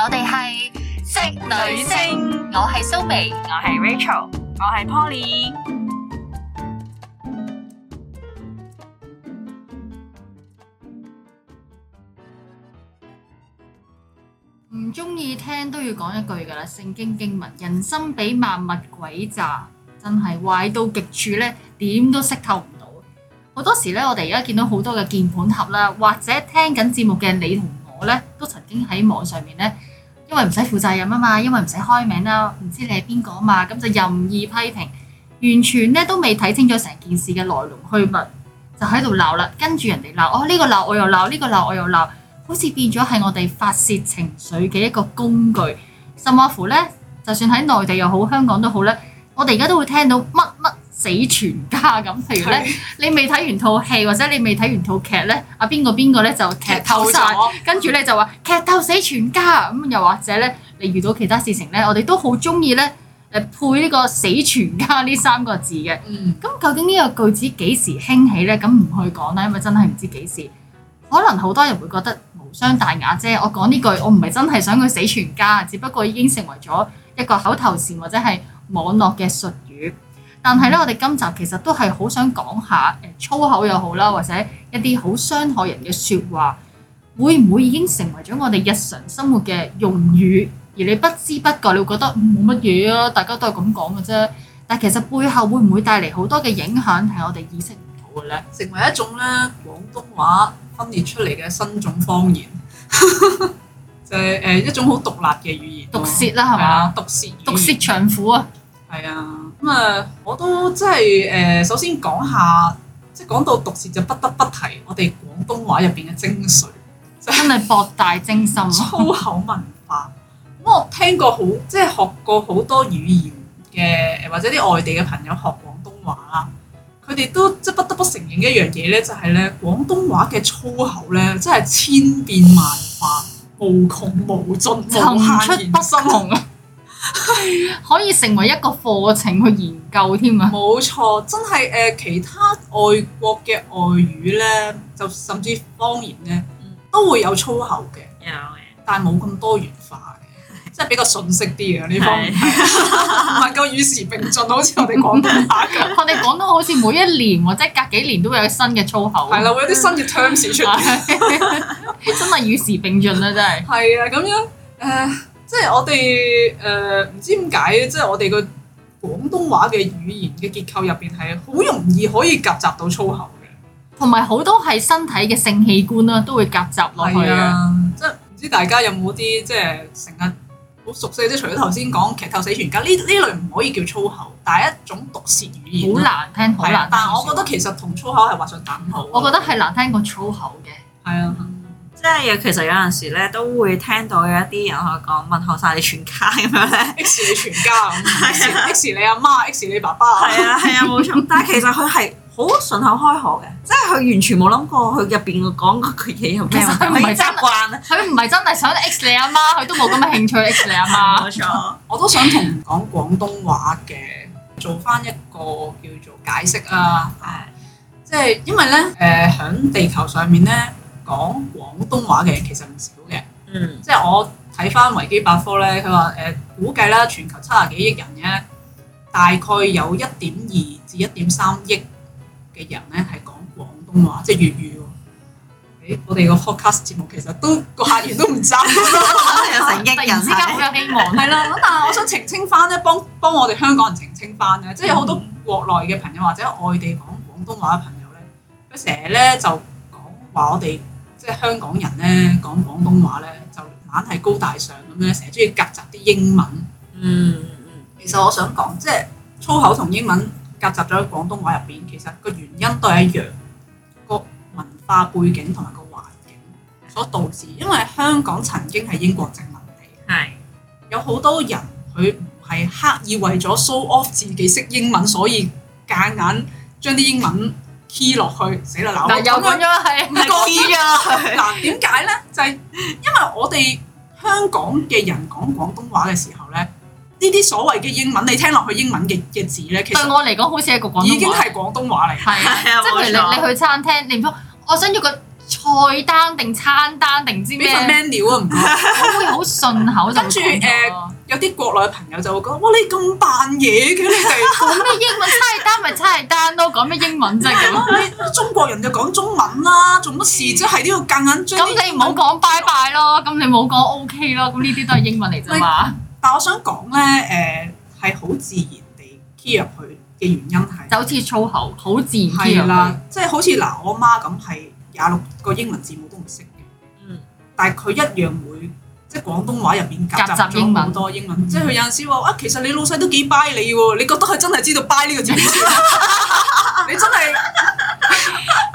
我哋係職女聲，我係蘇眉，我係 Rachel，我係 Poly。唔中意聽都要講一句噶啦，《聖經經文》，人心比萬物詭詐，真係壞到極處咧，點都識透唔到。好多時咧，我哋而家見到好多嘅鍵盤俠啦，或者聽緊節目嘅你同。我咧都曾經喺網上面咧，因為唔使負責任啊嘛，因為唔使開名啦，唔知你係邊個啊嘛，咁就任意批評，完全咧都未睇清楚成件事嘅來龍去脈，就喺度鬧啦。跟住人哋鬧，哦，呢個鬧我又鬧，呢個鬧我又鬧，好似變咗係我哋發泄情緒嘅一個工具。甚至乎咧，就算喺內地又好，香港都好咧，我哋而家都會聽到乜乜。死全家咁，譬如咧，你未睇完套戲或者你未睇完套劇咧，啊，邊個邊個咧就劇透晒。跟住咧就話劇透死全家，咁又或者咧，你遇到其他事情咧，我哋都好中意咧誒配呢個死全家呢三個字嘅。嗯。咁究竟呢個句子幾時興起咧？咁唔去講啦，因為真係唔知幾時。可能好多人都會覺得無傷大雅啫。我講呢句，我唔係真係想佢死全家，只不過已經成為咗一個口頭禪或者係網絡嘅術。但係咧，我哋今集其實都係好想講下誒粗口又好啦，或者一啲好傷害人嘅説話，會唔會已經成為咗我哋日常生活嘅用語？而你不知不覺，你會覺得冇乜嘢啊，大家都係咁講嘅啫。但係其實背後會唔會帶嚟好多嘅影響，係我哋意識唔到嘅咧？成為一種咧廣東話分裂出嚟嘅新種方言，就係誒一種好獨立嘅語言。毒舌啦，係咪？毒舌，毒舌長虎啊！係啊。咁啊、嗯，我都即係誒，首先講下，即係講到毒舌就不得不提我哋廣東話入邊嘅精髓，就是、真係博大精深 粗口文化，咁我聽過好，即、就、係、是、學過好多語言嘅，或者啲外地嘅朋友學廣東話佢哋都即係不得不承認一樣嘢咧，就係咧廣東話嘅粗口咧，真係千變萬化，無窮無盡， 無限出不窮。 可以成為一個課程去研究添啊！冇錯，真係誒、呃，其他外國嘅外語咧，就甚至方言咧，都會有粗口嘅，但係冇咁多元化嘅，即係比較遜色啲啊。呢方面，唔夠與時並進，好似我哋廣東話咁， 我哋廣東好似每一年，或者隔幾年都會有新嘅粗口，係啦，會有啲新嘅 terms 出嚟、 啊，真係與時並進啦，真係， 係啊，咁樣誒。即係我哋誒，唔知點解，即係我哋個廣東話嘅語言嘅結構入邊係好容易可以夾雜到粗口嘅，同埋好多係身體嘅性器官啦、啊，都會夾雜落去嘅、啊。即係唔知大家有冇啲即係成日好熟悉啲，即除咗頭先講劇透死全家呢，呢類唔可以叫粗口，但係一種毒舌語言。好難聽，好難聽。但係我覺得其實同粗口係劃上等號。我覺得係難聽過粗口嘅。係啊。即係，其實有陣時咧，都會聽到有一啲人去講問候晒你全家咁樣咧，X 你全家 ，X 你阿媽，媽，X 你爸爸。係 對啊，係啊，冇錯。 但係其實佢係好順口開河嘅，即係佢完全冇諗過佢入邊講嗰句嘢有咩。佢唔係習慣，佢唔係真係想 X 你阿媽，媽，佢都冇咁嘅興趣 X 你阿媽，媽。冇 錯， 我都想同講廣東話嘅做翻一個叫做解釋啊。係，即係因為咧，誒響地球上面咧。講廣東話嘅其實唔少嘅，嗯，即係我睇翻維基百科咧，佢話誒估計啦，全球七十幾億人咧，大概有一點二至一點三億嘅人咧係講廣東話，嗯、即係粵語喎、欸。我哋個 podcast 節目其實都個客源都唔爭， 有成億人 之間好有希望。係啦，但係我想澄清翻咧，幫幫我哋香港人澄清翻咧，即係有好多國內嘅朋友、嗯、或者外地講廣東話嘅朋友咧，佢成日咧就講話我哋。即係香港人咧講廣東話咧，就硬係高大上咁樣，成日中意夾雜啲英文。嗯嗯，嗯其實我想講，即係粗口同英文夾雜咗喺廣東話入邊，其實個原因都係一樣，個文化背景同埋個環境所導致。因為香港曾經係英國殖民地，係是有好多人佢唔係刻意為咗 show off 自己識英文，所以夾硬將啲英文。key 落去死啦嗱，咁樣唔覺意㗎嗱。點解咧？就係因為我哋香港嘅人講廣東話嘅時候咧，呢啲所謂嘅英文，你聽落去英文嘅嘅字咧，其實對我嚟講好似係一個已經係廣東話嚟，係啊，即係例如你去餐廳，你唔通我想要個。菜單定餐單定知咩？咩料啊？唔講我唔會好順口。跟住誒，有啲國內嘅朋友就會講：哇，你咁扮嘢嘅你哋講咩英文？餐單咪餐單咯，講咩英文啫？咁中國人就講中文啦，做乜事啫？喺呢度更夾硬？咁你唔好講拜拜 e 咯，咁你唔好講 ok 咯，咁呢啲都係英文嚟啫嘛。但係我想講咧誒，係好自然地 key 入去嘅原因係就好似粗口，好自然貼入去，即係好似嗱我媽咁係。廿六個英文字母都唔識嘅，嗯，但係佢一樣會，即係廣東話入邊夾雜咗好多英文，嗯、即係佢有陣時話啊，其實你老細都幾 buy 你喎，你覺得佢真係知道 buy 呢個字、嗯 你？你真係，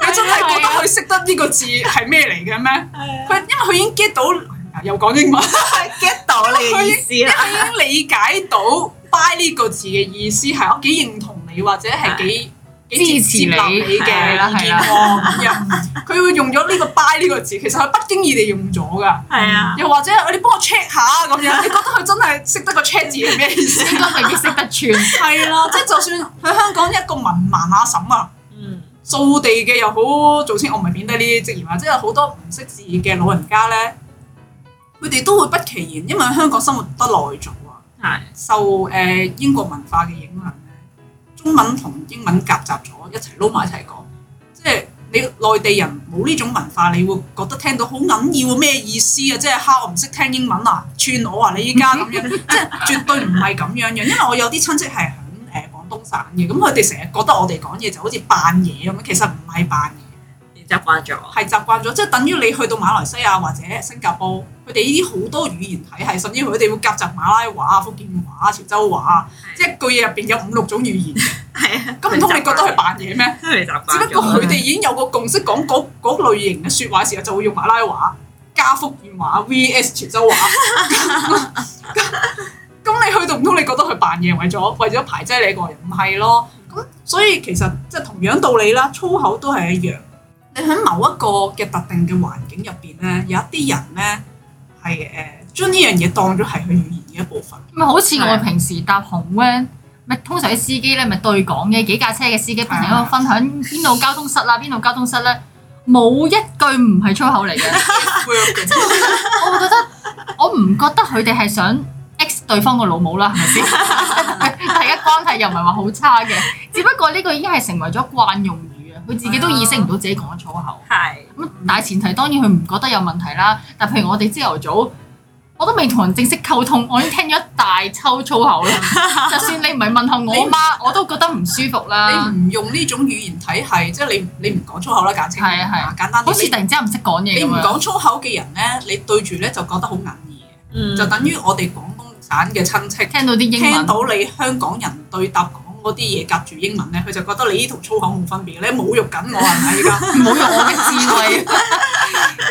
你真係覺得佢識得呢個字係咩嚟嘅咩？佢、嗯、因為佢已經 get 到，又講英文，get 到你佢已經理解到 buy 呢個字嘅意思係，我幾認同你，或者係幾，支持你嘅健康，又佢會用咗呢個 buy 呢個字，其實佢不經意地用咗噶。係啊，又或者你幫我 check 下咁樣，你覺得佢真係識得個 check 字係咩意思？應該未必識得全係啦。即係就算喺香港一個文盲阿嬸啊，掃地嘅又好，做之我唔係免得呢啲職業啊。即係好多唔識字嘅老人家咧，佢哋都會不其然，因為喺香港生活得耐咗啊，受誒英國文化嘅影響。中文英文同英文夾雜咗一齊撈埋一齊講，即係你內地人冇呢種文化，你會覺得聽到好緊要咩意思啊？即係嚇我唔識聽英文啊，串我啊！你依家咁樣，即係 絕對唔係咁樣嘅，因為我有啲親戚係響誒廣東省嘅，咁佢哋成日覺得我哋講嘢就好似扮嘢咁樣，其實唔係扮。習慣咗，係習慣咗，即係等於你去到馬來西亞或者新加坡，佢哋呢啲好多語言體系，甚至佢哋會夾雜馬拉話、福建話、潮州話，的即一句嘢入邊有五六種語言。係啊的，咁唔通你覺得佢扮嘢咩？即係你，你習慣只不過佢哋已經有個共識，講嗰嗰類型嘅說話嘅時候，就會用馬拉話加福建話 vs 潮州話。咁你去到唔通你覺得佢扮嘢為咗為咗排擠你一個人？唔係咯，咁所以其實即係同樣道理啦，粗口都係一樣。你喺某一個嘅特定嘅環境入邊咧，有一啲人咧係誒將呢樣嘢當咗係佢語言嘅一部分。咪好似我平時搭紅 van，咪通常啲司機咧咪對講嘅幾架車嘅司機不停喺度分享邊度交通塞啦，邊度交通塞咧，冇一句唔係粗口嚟嘅。我覺得我唔覺得佢哋係想 x 對方個老母啦，係咪？第一關係又唔係話好差嘅，只不過呢個已經係成為咗慣用。佢自己都意識唔到自己講粗口，係咁大前提，當然佢唔覺得有問題啦。但譬如我哋朝頭早，我都未同人正式溝通，我已經聽咗一大抽粗口啦。就算你唔係問候我媽，我都覺得唔舒服啦。你唔用呢種語言體系，即係你你唔講粗口啦，簡稱係啊係，簡單好似突然之間唔識講嘢。你唔講粗口嘅人咧，你對住咧就覺得好眼耳，就等於我哋廣東省嘅親戚聽到啲英文，聽到你香港人對答。嗰啲嘢夾住英文咧，佢就覺得你呢同粗口冇分別，你侮辱緊我係咪？而家侮辱我嘅 在智慧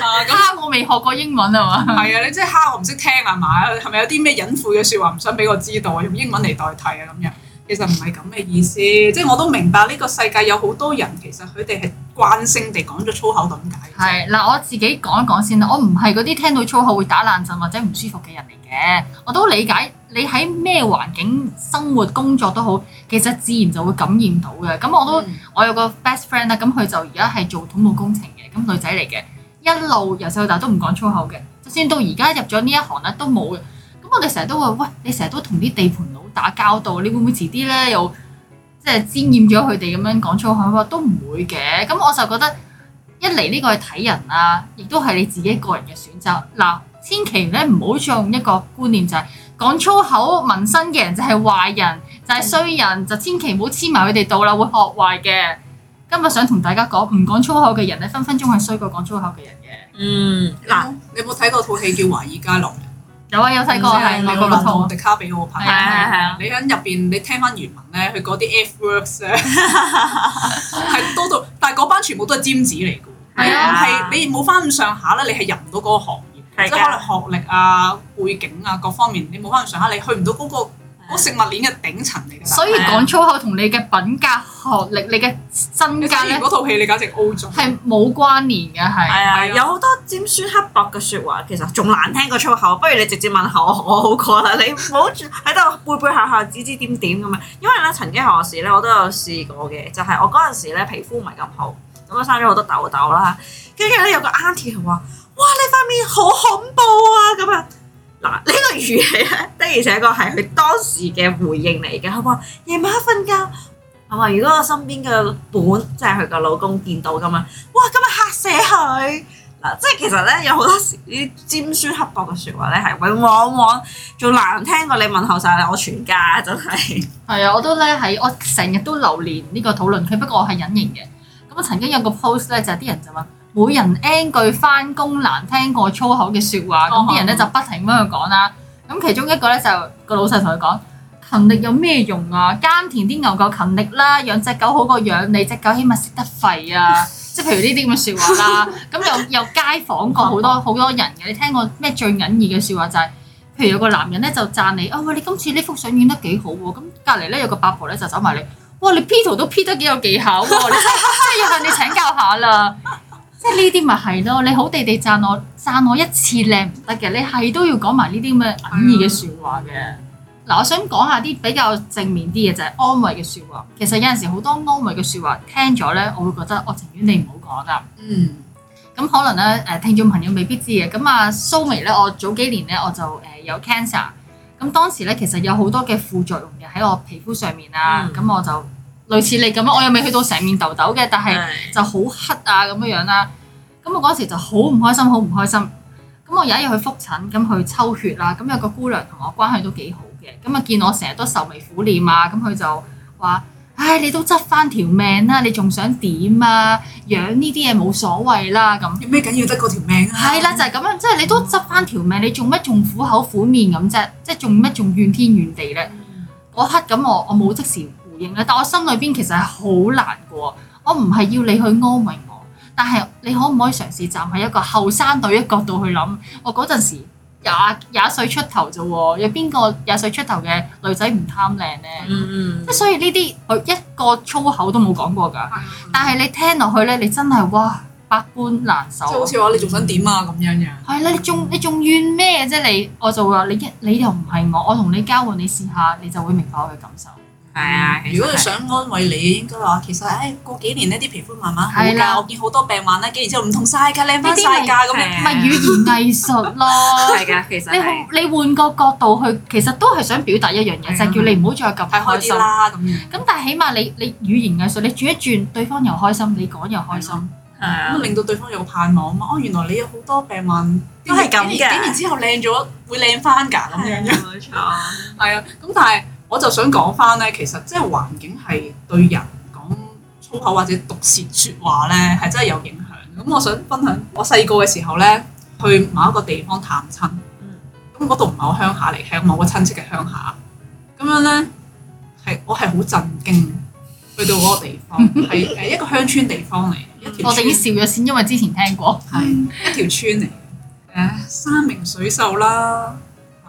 啊！哈！我未學過英文啊嘛，係、嗯、啊！你即係蝦我唔識聽係咪啊？係咪有啲咩隱晦嘅説話唔想俾我知道啊？用英文嚟代替啊咁樣。其實唔係咁嘅意思，即係我都明白呢個世界有好多人其實佢哋係慣性地講咗粗口，就咁解。係。嗱，我自己講一講先啦。我唔係嗰啲聽到粗口會打冷震或者唔舒服嘅人嚟嘅。我都理解你喺咩環境生活工作都好，其實自然就會感染到嘅。咁我都、嗯、我有個 best friend 啦，咁佢就而家係做土木工程嘅，咁女仔嚟嘅，一路由細到大都唔講粗口嘅，就算到而家入咗呢一行咧，都冇。我哋成日都會，喂，你成日都同啲地盤佬打交道，你會唔會遲啲咧又即係沾染咗佢哋咁樣講粗口？都唔會嘅。咁我就覺得一嚟呢個係睇人啊，亦都係你自己個人嘅選擇。嗱，千祈咧唔好用一個觀念就係講粗口、紋身嘅人就係壞人，就係、係、衰人，嗯、就千祈唔好黐埋佢哋度啦，會學壞嘅。今日想同大家講，唔講粗口嘅人咧分分鐘係衰過講粗口嘅人嘅。嗯，嗱，你有冇睇過套戲叫《華爾街狼》？哦、有啊，有睇過係美國佬攞迪卡俾我拍，係啊，啊你喺入邊你聽翻原文咧，佢嗰啲 F words 咧係多到，但係嗰班全部都係尖子嚟嘅喎，係啊，係你冇翻咁上下咧，你係入唔到嗰個行業，即係的可能學歷啊、背景啊各方面，你冇翻咁上下，你去唔到嗰個。我食物鏈嘅頂層嚟嘅，所以講粗口同你嘅品格、學歷、你嘅身價咧，嗰套戲你簡直 o u 係冇關聯嘅，係係啊，有好多尖酸刻薄嘅説話，其實仲難聽過粗口。不如你直接問下我，我好過啦。你唔好喺度背背下下指指點點咁樣。 因為咧，曾經何時咧，我都有試過嘅，就係、是、我嗰陣時，咧皮膚唔係咁好，咁啊生咗好多痘痘啦。跟住咧有個 uncle 又話：，哇，你塊面好恐怖啊！咁啊。嗱，呢個語氣咧，的而且確係佢當時嘅回應嚟嘅。佢話夜晚黑瞓覺，佢話如果我身邊嘅本即係佢個老公見到咁啊，哇！咁啊，嚇死佢。嗱，即係其實咧有好多時啲尖酸刻薄嘅説話咧，係往往往仲難聽過你問候曬我全家，真係。係啊，我都咧喺我成日都留念呢個討論區，不過我係隱形嘅。咁我曾經有個 post 咧，就係啲人就話。每人 N 句翻工難聽過粗口嘅説話，咁啲、哦、人咧就不停咁樣去講啦。咁、哦、其中一個咧就個、是、老細同佢講勤力有咩用啊？耕田啲牛夠勤力啦，養隻狗好過養你隻 狗，起碼識得吠啊！即係 譬如呢啲咁嘅説話啦。咁又又街訪過好多好多人嘅，你聽過咩最隱義嘅説話就係、是，譬如有個男人咧就讚你，啊、哦、喂，你今次，這次演呢幅相影得幾好喎？咁隔離咧有個八婆咧就走埋你：「哇，你 P 圖都 P 得幾有技巧喎！真係要向你請教下啦。 即係呢啲咪係咯，你好地地贊我贊我一次靚唔得嘅，你係都要講埋呢啲咁嘅隱喻嘅説話嘅。嗱、嗯，我想講下啲比較正面啲嘢就係、是、安慰嘅説話。其實有陣時好多安慰嘅説話聽咗咧，我會覺得我情願你唔好講啊。嗯。咁可能咧誒，聽眾朋友未必知嘅。咁啊，蘇眉咧，我早幾年咧我就誒、呃、有 cancer，咁當時咧其實有好多嘅副作用嘅喺我皮膚上面啊，咁、嗯、我就。類似你咁樣，我又未去到成面痘痘嘅，但係就好黑啊咁樣樣啦。咁我嗰時就好唔開心，好唔開心。咁我有一日去覆診，咁去抽血啦。咁有個姑娘同我關係都幾好嘅，咁啊見我成日都愁眉苦臉啊，咁佢就話，唉，你都執翻條命啦，你仲想點啊？養呢啲嘢冇所謂啦。咁有咩緊要得過條命啊？係啦，就係咁樣，即係你都執翻條命，你做乜仲苦口苦面咁啫？即係做乜仲怨天怨地咧？嗰刻咁我我冇即時。但係我心裏邊其實係好難過，我唔係要你去安慰我，但係你可唔可以嘗試站喺一個後生女角度去諗？我嗰陣時廿廿歲出頭啫，有邊個廿歲出頭嘅女仔唔貪靚呢？即係所以呢啲佢一個粗口都冇講過噶，但係你聽落去呢，你真係哇百般難受，即係好似話你仲想點啊咁樣樣係咧？你仲你仲怨咩啫？你我就會話你，你又唔係我，我同你交換，你試下，你就會明白我嘅感受。係啊，如果你想安慰你，應該話其實誒過幾年咧，啲皮膚慢慢好啦。我見好多病患咧，幾年之後唔同曬㗎，靚翻曬㗎咁樣。唔係語言藝術咯，係㗎，其實你你換個角度去，其實都係想表達一樣嘢，就係叫你唔好再咁快開心啦咁樣。咁但係起碼你你語言藝術，你轉一轉，對方又開心，你講又開心，咁令到對方有盼望啊嘛。哦，原來你有好多病患都係咁嘅，幾年之後靚咗會靚翻㗎咁樣。冇錯，係啊。咁但係。我就想講返咧，其實即係環境係對人講粗口或者毒舌説話咧，係真係有影響。咁我想分享，我細個嘅時候咧，去某一個地方探親。嗯。咁度唔係我鄉下嚟，係我某個親戚嘅鄉下。咁樣咧，係我係好震驚。去到嗰個地方係係 一個鄉村地方嚟。我哋要笑咗先，因為之前聽過係一條村嚟。誒， 山明水秀啦～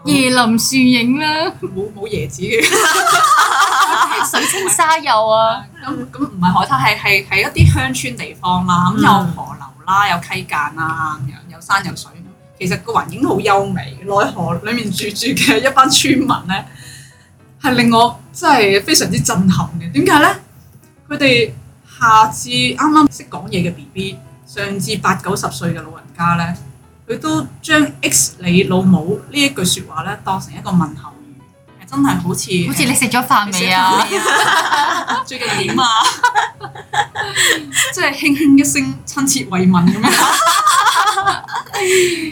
椰、嗯、林樹影啦，冇冇椰子嘅 水清沙幼啊，咁唔係海灘，係係係一啲鄉村地方啦，咁有河流啦，有溪澗啦，咁樣有，有山有水，其實個環境好優美。奈何裏面住住嘅一班村民咧，係令我真係非常之震撼嘅。點解咧？佢哋下至啱啱識講嘢嘅 B B，上至八九十歲嘅老人家咧。佢都將 X 你老母呢一句説話咧，當成一個問候 語，真係好似好似你食咗飯未啊？最近點啊？即係輕輕一聲親切慰問咁樣。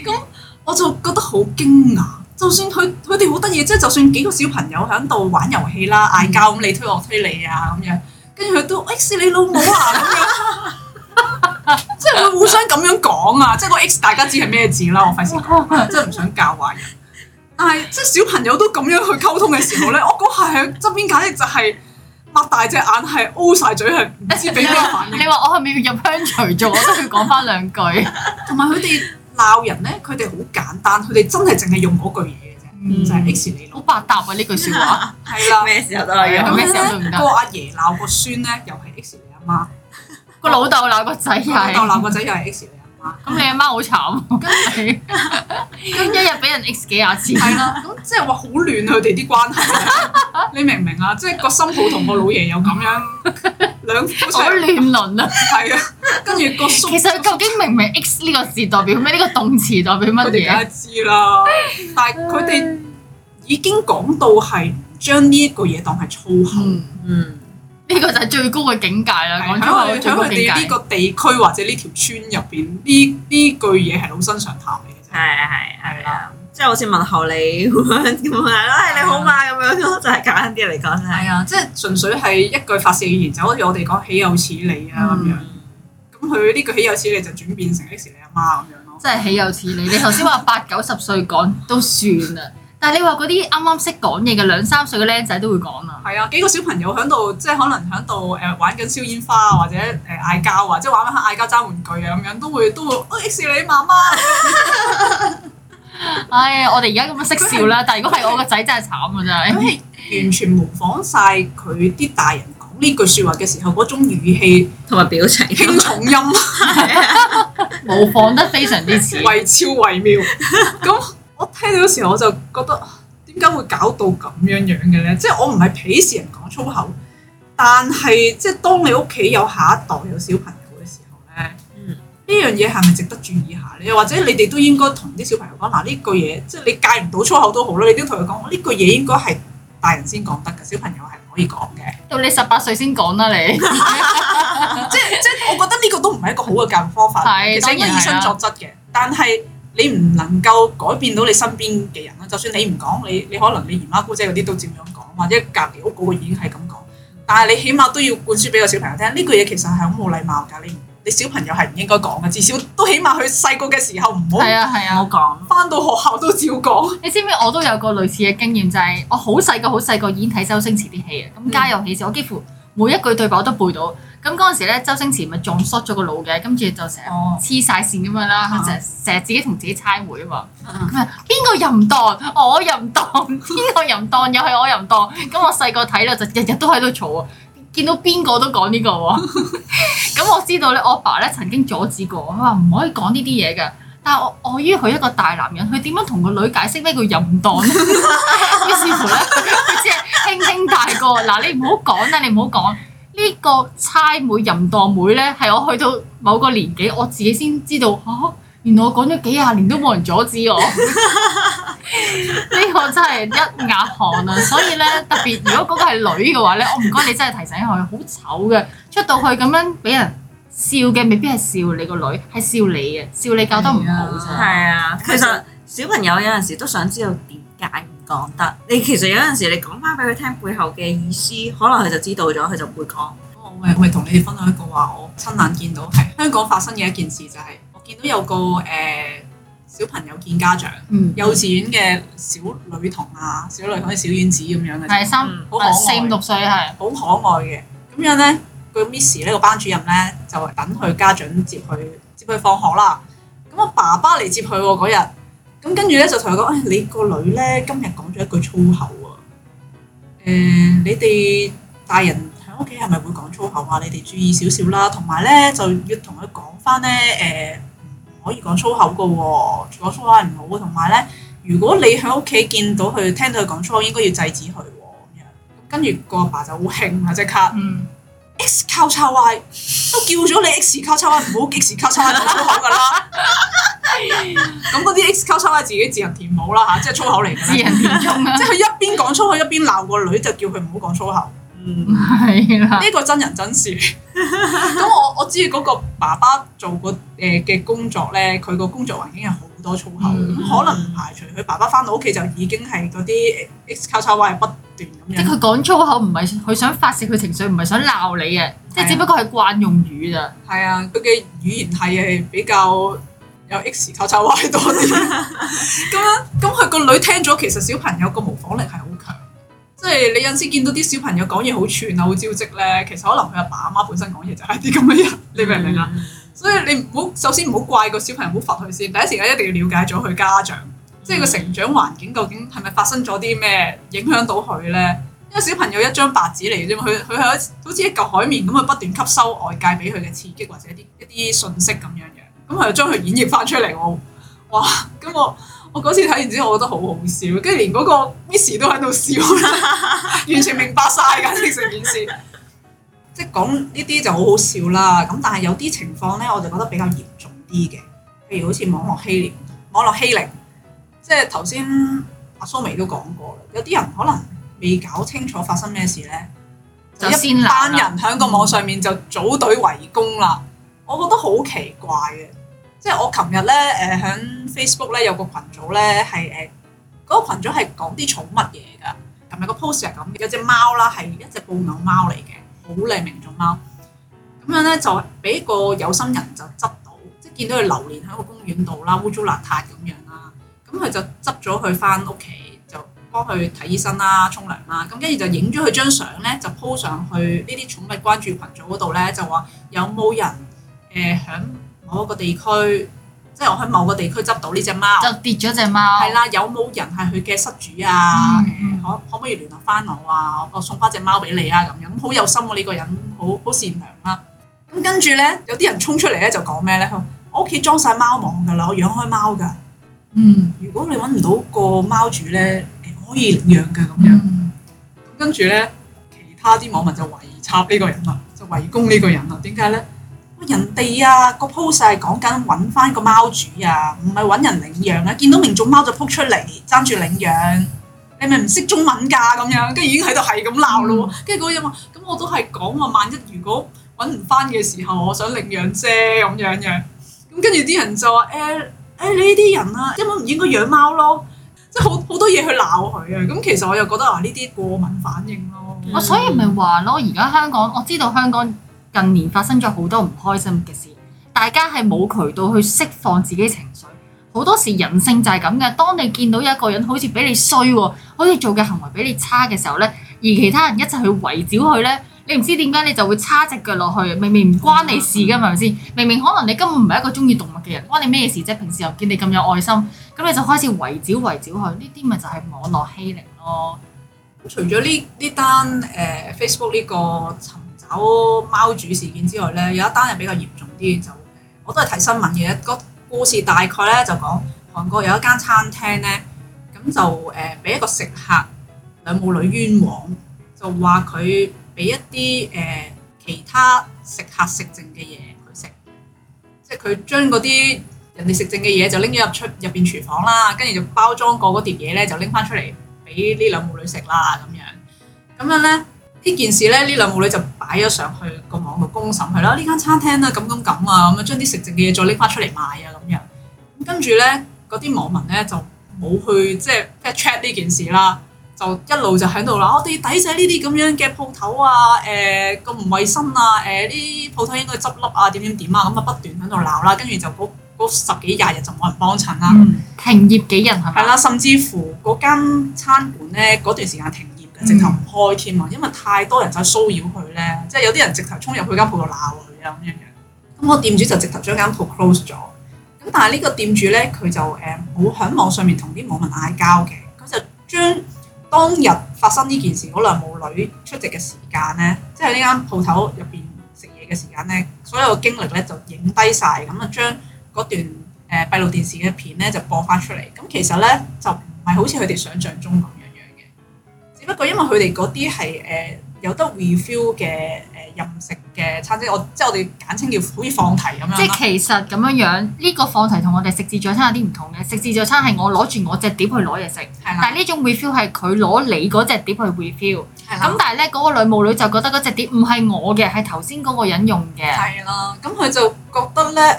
咁 我就覺得好驚訝，就算佢佢哋好得意，即係就算幾個小朋友喺度玩遊戲啦、嗌交咁， 你推我推你啊咁樣，跟住佢都 X、欸、你老母啊咁樣。 即係會互相咁樣講啊！即係個 X 大家知係咩字啦，我費事， 真係唔想教壞人。但係即係小朋友都咁樣去溝通嘅時候咧，我嗰下喺側邊簡直就係、是、擘大隻眼，係 O 晒嘴，係唔知俾咩反應。你話我係咪要入鄉隨俗？我都要講翻兩句。同埋佢哋鬧人咧，佢哋好簡單，佢哋真係淨係用嗰句嘢嘅啫，嗯、就係 X 你，好百搭啊！呢句說話係 啦，咩 時候都係嘅，咩時候都唔得。個阿爺鬧個孫咧，又係 X 你阿媽。個老豆鬧個仔又，老豆鬧個仔又係 X 你阿媽。咁你阿媽好慘，跟住跟一日俾人 X 幾廿次，係咯、啊。咁那即係話好亂佢哋啲關係， 你明唔明啊？即係個心抱同個老爺又咁樣兩夫妻，好 亂倫啊。係 啊，跟住個。 其實佢究竟明唔明 X 呢個字代表咩？呢 個動詞代表乜嘢？梗係知啦， 但係佢哋已經講到係將呢一個嘢當係粗口。嗯。嗯。呢個就係最高嘅境界啦！講咗喺佢哋呢個地區或者呢條村入邊，呢呢句嘢係老生常談嘅。係啊係係即係好似問候你咁樣咁啊，你好嘛咁樣咯，就係簡單啲嚟講先。係啊，即係純粹係一句發泄語言，就好似我哋講「豈有此理」啊咁樣。咁佢呢句「豈有此理」就轉變成 X 你阿媽咁樣咯。即係「豈有此理」，你頭先話八九十歲講都算啊！但係你剛剛話嗰啲啱啱識講嘢嘅兩三歲嘅僆仔都會講啊！係啊，幾個小朋友喺度，即係可能喺度誒玩緊燒煙花或者誒嗌交，或者，、呃、或者，或者玩下嗌交爭玩具啊，咁樣都會都會誒笑、哎、你媽媽。唉、 哎，我哋而家咁樣識笑啦！但係如果係我個仔是真係慘㗎咋，真係完全模仿晒佢啲大人講呢句說話嘅時候嗰種語氣同埋表情輕重音， 啊、 模仿得非常之似 唯超唯，惟肖惟妙咁。我聽到嘅時候我就覺得點解會搞到咁樣樣嘅咧？即係我唔係鄙視人講粗口，但係即係當你屋企有下一代有小朋友嘅時候咧，呢、嗯、樣嘢係咪值得注意下咧？又或者你哋都應該同啲小朋友講嗱，呢、啊、句嘢即係你戒唔到粗口都好囉，你都要同佢講，呢句嘢應該係大人先講得㗎，小朋友係唔可以講嘅。到你十八歲先講啦，你 即係即係，我覺得呢個都唔係一個好嘅教育方法，是其實應該以身作則嘅，啊、但係。你唔能夠改變到你身邊嘅人啦，就算你唔講，你你可能你姨媽姑姐嗰啲都照樣講，或者隔離屋嗰個已經係咁講，但係你起碼都要灌輸俾個小朋友聽，呢句嘢其實係好冇禮貌㗎，你你小朋友係唔應該講嘅，至少都起碼佢細個嘅時候唔好唔好講，返到學校都照講。啊啊、你知唔知我都有個類似嘅經驗，就係、是、我好細個好細個已經睇周星馳啲戲啊，咁家有喜事我幾乎每一句對白我都背到。咁嗰陣時咧，周星馳咪仲縮咗個腦嘅，哦、跟住就成日黐晒線咁樣啦，成日成日自己同自己猜謎啊嘛。邊個、嗯、淫蕩？我淫蕩，邊個淫蕩又係我淫蕩。咁我細個睇咧就日日都喺度嘈啊，見到邊個都講呢個喎。咁我知道咧，我爸咧曾經阻止過，佢話唔可以講呢啲嘢嘅。但係我，我於佢一個大男人，佢點樣同個女解釋咩叫淫蕩呢？於是乎咧，佢只係輕輕帶過。嗱，你唔好講啦，你唔好講。呢個差妹淫蕩妹咧，係我去到某個年紀，我自己先知道嚇、哦。原來我講咗幾廿年都冇人阻止我。呢 個真係一額汗啊！所以咧，特別，如果嗰個係女嘅話咧，我唔該你真係提醒佢，好醜嘅，出到去咁樣俾人笑嘅，未必係笑你個女，係笑你嘅笑你教得唔好啫。係啊，其實小朋友有陣時都想知道點解唔講得，你其實有陣時你講翻俾佢聽背後嘅意思，可能佢就知道咗，佢就唔會講。我咪我咪同你哋分享一個話，我親眼見到係香港發生嘅一件事，就是，就係我見到有個誒、呃、小朋友見家長，幼稚園嘅小女童啊，小女童啲小丸子咁樣嘅，第三好係四五六歲，係好可愛嘅。咁樣咧，佢 miss 呢個班主任咧就等佢家長接佢接佢放學啦。咁我爸爸嚟接佢嗰日。咁跟住咧就同佢講，誒你個女咧今日講咗一句粗口啊！誒，你哋大人喺屋企係咪會講粗口？啊？你哋注意少少啦，同埋咧就要同佢講返咧，誒唔可以講粗口噶喎，講粗口係唔好嘅。同埋咧，如果你喺屋企見到佢聽到佢講粗口，應該要制止佢。咁樣跟住個阿爸就好興啊，即刻 X 交叉 Y。都叫咗你 X 卡叉啊，唔好 X 卡叉啊，做粗口噶啦。咁嗰啲 X 卡叉係自己自行填冇啦吓、啊，即係粗口嚟嘅。啦人， 即係佢一邊講粗口一邊鬧個女，就叫佢唔好講粗口。嗯，係啦，呢個真人真事。咁 我我知嗰個爸爸做過誒嘅工作咧，佢個工作環境係好多粗口，咁、嗯嗯、可能唔排除佢爸爸返到屋企就已經係嗰啲 X 口叉 Y 係不斷咁樣即。即係佢講粗口，唔係佢想發泄佢情緒，唔係想鬧你啊！即係只不過係慣用語咋。係啊、嗯，佢、嗯、嘅語言係係比較有 X 口叉 Y 多啲。咁樣咁佢個女聽咗，其實小朋友個模仿力係好強。嗯、即係你有時見到啲小朋友講嘢好串啊，好招積咧，其實可能佢阿爸阿媽本身講嘢就係啲咁樣，嗯、你明唔明啊？ 所以你唔好，首先唔好怪個小朋友，唔好罰佢先。第一時間一定要了解咗佢家長，嗯、即係個成長環境究竟係咪發生咗啲咩影響到佢咧？因為小朋友一張白紙嚟嘅啫嘛，佢佢係好似一嚿海綿咁去不斷吸收外界俾佢嘅刺激或者一啲一啲信息咁樣樣，咁佢就將佢演繹翻出嚟喎。哇！咁我我嗰次睇完之後，我覺得好好笑，跟住連嗰個 Miss 都喺度笑啦， 完全明白晒簡直成件事。即係講呢啲就好好笑啦，咁但係有啲情況咧，我就覺得比較嚴重啲嘅，譬如好似網絡欺凌，網絡欺凌，即係頭先阿蘇眉都講過啦，有啲人可能未搞清楚發生咩事咧，就一班人喺個網上面就組隊圍攻啦，我覺得好奇怪嘅，即係我琴日咧誒喺、呃、Facebook 咧有個群組咧係誒嗰個羣組係講啲寵物嘢㗎，琴日個 post 係咁嘅，有隻貓啦係一隻布偶貓嚟嘅。好靚名種貓，咁樣咧就俾個有心人就執到，即係見到佢流連喺個公園度啦，污糟邋遢咁樣啦，咁佢就執咗佢返屋企，就幫佢睇醫生啦、啊、沖涼啦，咁跟住就影咗佢張相咧，就 po 上去呢啲寵物關注群組嗰度咧，就話有冇人誒響、呃、某一個地區。即係我喺某個地區執到呢隻貓，就跌咗隻貓。係啦，有冇人係佢嘅失主啊？可可唔可以聯絡翻我啊？我送翻隻貓俾你啊！咁樣好有心喎、啊，呢個人好好善良啦、啊。咁跟住咧，有啲人衝出嚟咧就講咩咧？我屋企裝晒貓網㗎啦，我養開貓㗎。嗯，如果你揾唔到個貓主咧，可以領養㗎咁樣。嗯、跟住咧，其他啲網民就圍插呢個人啦，就圍攻呢個人啦。點解咧？人哋啊，個 post 係講緊揾翻個貓主啊，唔係揾人領養啊。見到名種貓就撲出嚟，爭住領養。你咪唔識中文㗎咁、啊、樣，跟住已經喺度係咁鬧咯。跟住嗰個人話：咁我都係講話，萬一如果揾唔翻嘅時候，我想領養啫，咁樣樣。咁跟住啲人就話：誒、欸、誒、欸，你呢啲人啊，根本唔應該養貓咯，即係好好多嘢去鬧佢啊。咁其實我又覺得啊，呢啲過敏反應咯。我、嗯、所以咪話咯，而家香港，我知道香港。近年發生咗好多唔開心嘅事，大家係冇渠道去釋放自己情緒。好多時人性就係咁嘅。當你見到有一個人好似比你衰喎，好似做嘅行為比你差嘅時候呢，而其他人一齊去圍剿佢呢，你唔知點解你就會叉隻腳落去，明明唔關你的事噶，係咪先？明明可能你根本唔係一個中意動物嘅人，關你咩事啫？平時又見你咁有愛心，咁你就開始圍剿圍剿佢，呢啲咪就係網絡欺凌咯。除咗呢呢單誒、呃、Facebook 呢、呢個有貓主事件之外咧，有一單係比較嚴重啲，就我都係睇新聞嘅。個故事大概咧就講韓國有一間餐廳咧，咁就誒俾、呃、一個食客兩母女冤枉，就話佢俾一啲誒、呃、其他食客食剩嘅嘢佢食，即係佢將嗰啲人哋食剩嘅嘢就拎咗入出入面廚房啦，跟住就包裝過嗰碟嘢咧就拎翻出嚟俾呢兩母女食啦咁樣。咁樣咧。呢件事咧，呢兩母女就擺咗上去個網度公審佢啦。呢間餐廳啊，咁咁咁啊，咁啊，將啲食剩嘅嘢再拎翻出嚟賣啊，咁樣。咁跟住咧，嗰啲網民咧就冇去即係 check 呢件事啦，就一路就喺度啦，我哋抵制呢啲咁樣嘅鋪頭啊，誒、呃，咁唔衞生啊，誒、呃，啲鋪頭應該執笠啊，點點點啊，咁啊不斷喺度鬧啦，跟住就嗰十幾廿日就冇人幫襯啦，嗯、停業幾日係咪？係啦吧，甚至乎嗰間餐館咧，嗰段時間停。嗯、直頭唔開添啊！因為太多人就騷擾佢咧，即係有啲人直頭衝入佢間鋪度鬧佢啊咁樣樣。咁、個店主就直頭將間鋪 close 咗。咁但係呢個店主咧，佢就誒冇喺網上面同啲網民嗌交嘅。咁就將當日發生呢件事嗰兩母女出席嘅時間咧，即係呢間鋪頭入邊食嘢嘅時間咧，所有嘅經歷咧就影低晒。咁就將嗰段誒、呃、閉路電視嘅片咧就播翻出嚟。咁其實咧就唔係好似佢哋想象中咁。只不過，因為佢哋嗰啲係誒有得 refill 嘅，誒任食嘅餐廳，我即係我哋簡稱叫好似放題咁樣咯。即係其實咁樣樣，呢個放題同我哋食自助餐有啲唔同嘅。食自助餐係我攞住我隻碟去攞嘢食，係啦。但係呢種 refill 係佢攞你嗰隻碟去 refill，係啦。咁但係咧，嗰個女帽女就覺得嗰隻碟唔係我嘅，係頭先嗰個人用嘅。係啦。咁佢就覺得咧誒，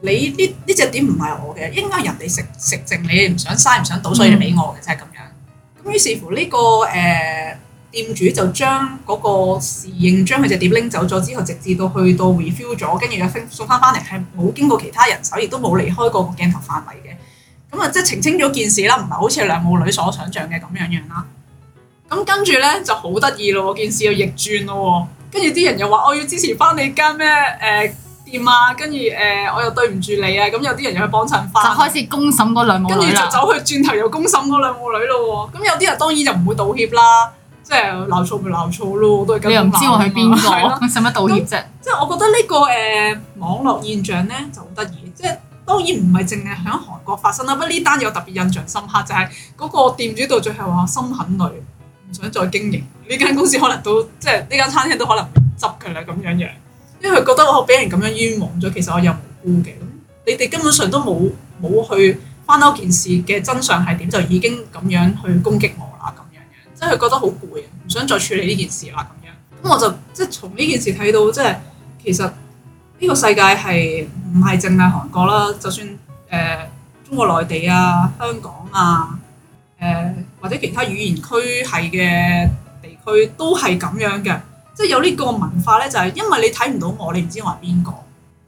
你呢呢隻碟唔係我嘅，應該人哋食食剩，你唔想嘥，唔想倒，所以俾我嘅啫咁樣。於是乎呢、呢個誒、呃、店主就將嗰個侍應將佢隻碟拎走咗之後，直至到去到 refuse 咗，跟住又送送翻翻嚟，係冇經過其他人手，亦都冇離開過個鏡頭範圍嘅。咁啊，即係澄清咗件事啦，唔係好似兩母女所想像嘅咁樣樣啦。咁跟住咧就好得意咯，件事又逆轉咯。跟住啲人又話我要支持翻你間咩誒？呃啊？跟住誒，我又對唔住你啊！咁、嗯、有啲人又去幫襯翻，就開始公審嗰兩母女。跟住就走去轉頭又公審嗰兩母女咯。咁、嗯嗯、有啲人當然就唔會道歉啦，即係鬧錯咪鬧錯咯，我都係咁鬧。你又唔知我係邊個？使乜道歉啫？即係我覺得呢、呢個誒、呃、網絡現象咧就好得意，即係當然唔係淨係喺韓國發生啦。不過呢單嘢我特別印象深刻就係、是、嗰個店主到最後話心很累，唔想再經營呢間公司，可能都即係呢間餐廳都可能會執佢啦，咁樣樣。因為佢覺得我俾人咁樣冤枉咗，其實我又無辜嘅。咁你哋根本上都冇冇去翻嗰件事嘅真相係點，就已經咁樣去攻擊我啦。咁樣，即係佢覺得好攰，唔想再處理呢件事啦。咁樣，咁我就即係從呢件事睇到，即係其實呢、呢個世界係唔係淨係韓國啦？就算誒、呃、中國內地啊、香港啊、誒、呃、或者其他語言區系嘅地區都係咁樣嘅。即係有呢個文化咧，就係、是、因為你睇唔到我，你唔知我係邊個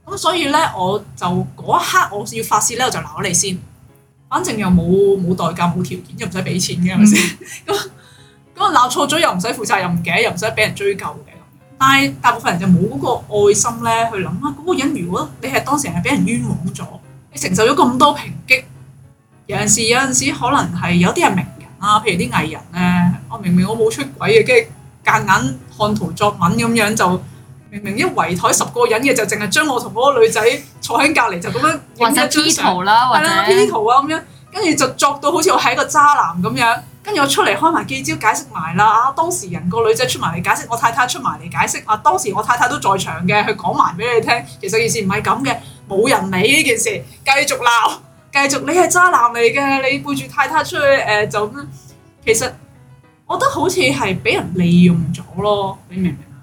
咁，所以咧我就嗰一刻我要發泄咧，我就鬧你先。反正又冇冇代價，冇條件，又唔使俾錢嘅，係咪先？咁咁鬧錯咗又唔使負責任嘅，又唔使俾人追究嘅。但係大部分人就冇嗰個愛心咧去諗啊。嗰、那個人如果你係當時係俾人冤枉咗，你承受咗咁多抨擊，有陣時有陣時可能係有啲係名人啦，譬如啲藝人咧。我、啊、明明我冇出軌嘅，跟住夾硬，硬。按圖作文咁樣。就明明一圍台十個人嘅，就淨係將我同嗰個女仔坐喺隔籬，就咁樣影一張圖或者 P 圖啦，係啦 P 圖啊咁樣，跟住就作到好似我係一個渣男咁樣。跟住我出嚟開埋記招解釋埋啦。啊，當事人個女仔出埋嚟解釋，我太太出埋嚟解釋啊，當時我太太都在場嘅，佢講埋俾你聽。其實件事唔係咁嘅，冇人理呢件事。繼續鬧，繼續，你係渣男嚟嘅，你背住太太出去誒、呃，就咁。其實。我覺得好似係俾人利用咗咯，你明唔明啊？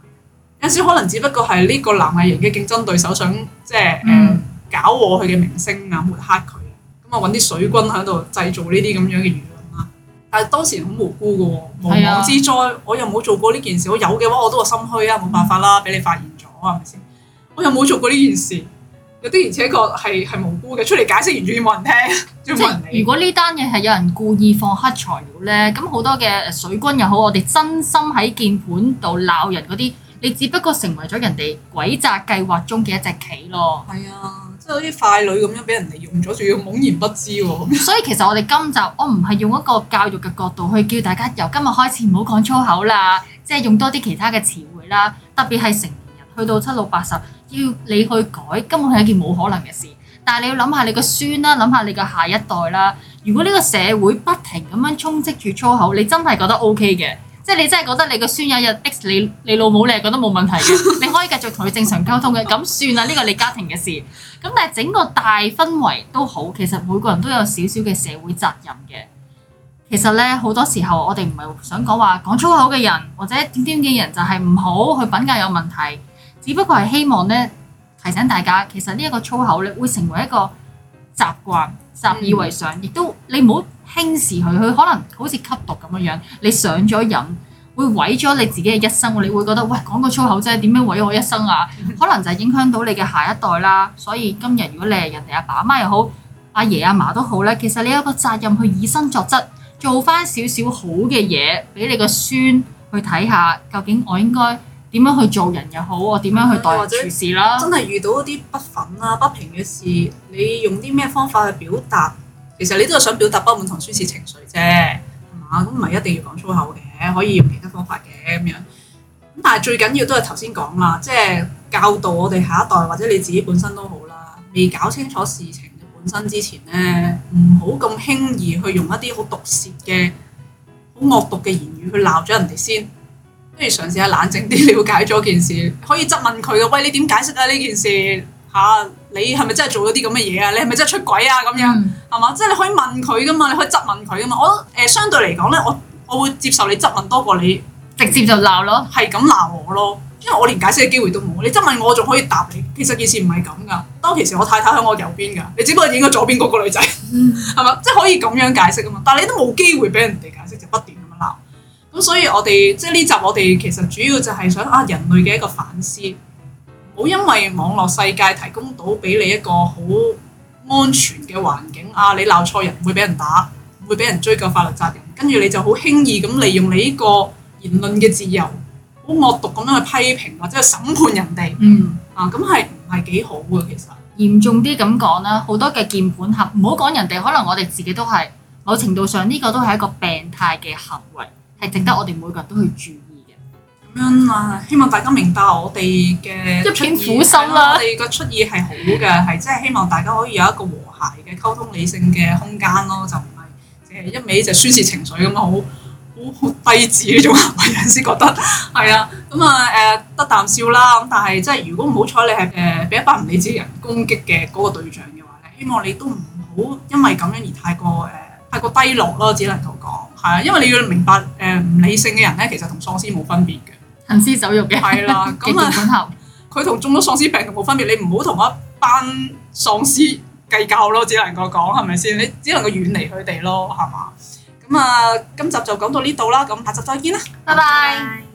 有時可能只不過係呢個男藝人嘅競爭對手想即係誒、嗯、搞我佢嘅明星啊，抹黑佢，咁啊揾啲水軍喺度製造呢啲咁樣嘅輿論啦。但係當事人好無辜噶，無妄之災，啊、我又冇做過呢件事。我有嘅話我都話心虛啊，冇辦法啦，俾你發現咗係咪先？我又冇做過呢件事。有啲而且確係係無辜嘅，出嚟解釋完仲要冇人聽，人即係如果呢單嘢係有人故意放黑材料咧，咁好多嘅水軍又好，我哋真心喺鍵盤度鬧人嗰啲，你只不過成為咗人哋鬼詐計劃中嘅一隻棋咯。係啊，即係好似快女咁樣俾人哋用咗，仲要懵然不知喎、啊。所以其實我哋今集我唔係用一個教育嘅角度去叫大家由今日開始唔好講粗口啦，即係用多啲其他嘅詞彙啦，特別係成年人去到七老八十，要你去改，根本係一件冇可能嘅事。但係你要諗下你個孫啦，諗下你個下一代啦。如果呢個社會不停咁樣充斥住粗口，你真係覺得 OK 嘅，即係你真係覺得你個孫有日 X 你你老母，你係覺得冇問題嘅，你可以繼續同佢正常溝通嘅。咁 算啦，呢個你家庭嘅事。咁但係整個大氛圍都好，其實每個人都有少少嘅社會責任嘅。其實咧好多時候我說說，我哋唔係想講話講粗口嘅人或者點點嘅人就係唔好，去品格有問題。只不過係希望咧，提醒大家，其實呢一個粗口咧，會成為一個習慣，習以為常，亦、嗯、都你唔好輕視佢。佢可能好似吸毒咁樣樣，你上咗癮，會毀咗你自己嘅一生。你會覺得喂，講個粗口真係，點樣毀我一生啊？可能就係影響到你嘅下一代啦。所以今日如果你係人哋阿爸阿媽又好，阿爺阿嫲都好咧，其實你有一個責任去以身作則，做翻少少好嘅嘢俾你個孫去睇下，究竟我應該。點樣去做人又好，我點樣去待人處事啦？嗯、真係遇到啲不憤啊、不平嘅事，你用啲咩方法去表達？其實你都係想表達不滿同宣洩情緒啫，係嘛？咁唔係一定要講粗口嘅，可以用其他方法嘅咁樣。咁但係最緊要都係頭先講啦，即係教導我哋下一代或者你自己本身都好啦，未搞清楚事情嘅本身之前咧，唔好咁輕易去用一啲好毒舌嘅、好惡毒嘅言語去鬧咗人哋先。不如嘗試下冷靜啲，了解咗件事，可以質問佢嘅。喂，你點解釋啊？呢件事嚇，你係咪真係做咗啲咁嘅嘢啊？你係咪真係出軌啊？咁樣係嘛、嗯？即係你可以問佢噶嘛，你可以質問佢噶嘛。我誒、呃、相對嚟講咧，我我會接受你質問多過你直接就鬧咯，係咁鬧我咯。因為我連解釋嘅機會都冇。你質問我，我，仲可以答你。其實件事唔係咁噶。當其時我太太喺我右邊噶，你只不過影咗左邊嗰個女仔，係嘛、嗯？即係可以咁樣解釋噶嘛。但係你都冇機會俾人哋解釋，就不斷。咁所以我，我哋即係呢集，我哋其實主要就係想啊，人類嘅一個反思，唔好因為網絡世界提供到俾你一個好安全嘅環境啊，你鬧錯人唔會俾人打，唔會俾人追究法律責任，跟住你就好輕易咁利用你呢個言論嘅自由，好惡毒咁樣去批評或者去審判人哋。嗯啊，咁係唔係幾好嘅其實？嚴重啲咁講啦，好多嘅鍵盤俠唔好講人哋，可能我哋自己都係某程度上呢個都係一個病態嘅行為係值得我哋每個人都去注意嘅。咁樣啊，希望大家明白我哋嘅一片苦心啦。我哋個出意係好嘅，係、嗯、即係希望大家可以有一個和諧嘅溝通，理性嘅空間咯，就唔係誒一味就宣泄情緒咁啊，好好低智呢種行為。有陣時覺得係啊，咁啊誒得啖笑啦。咁但係即係如果唔好彩，你係誒俾一班唔理智嘅人攻擊嘅嗰個對象嘅話咧，希望你都唔好因為咁樣而太過誒。係個低落咯，只能夠講，係啊，因為你要明白，誒、呃，唔理性嘅人咧，其實同喪屍冇分別嘅，行屍走肉嘅，係啦，咁啊， 佢同、嗯、中咗喪屍病毒冇分別，你唔好同一班喪屍計較咯，只能夠講係咪先？你只能夠遠離佢哋咯，係嘛？咁啊，今集就講到呢度啦，咁下集再見啦，拜拜。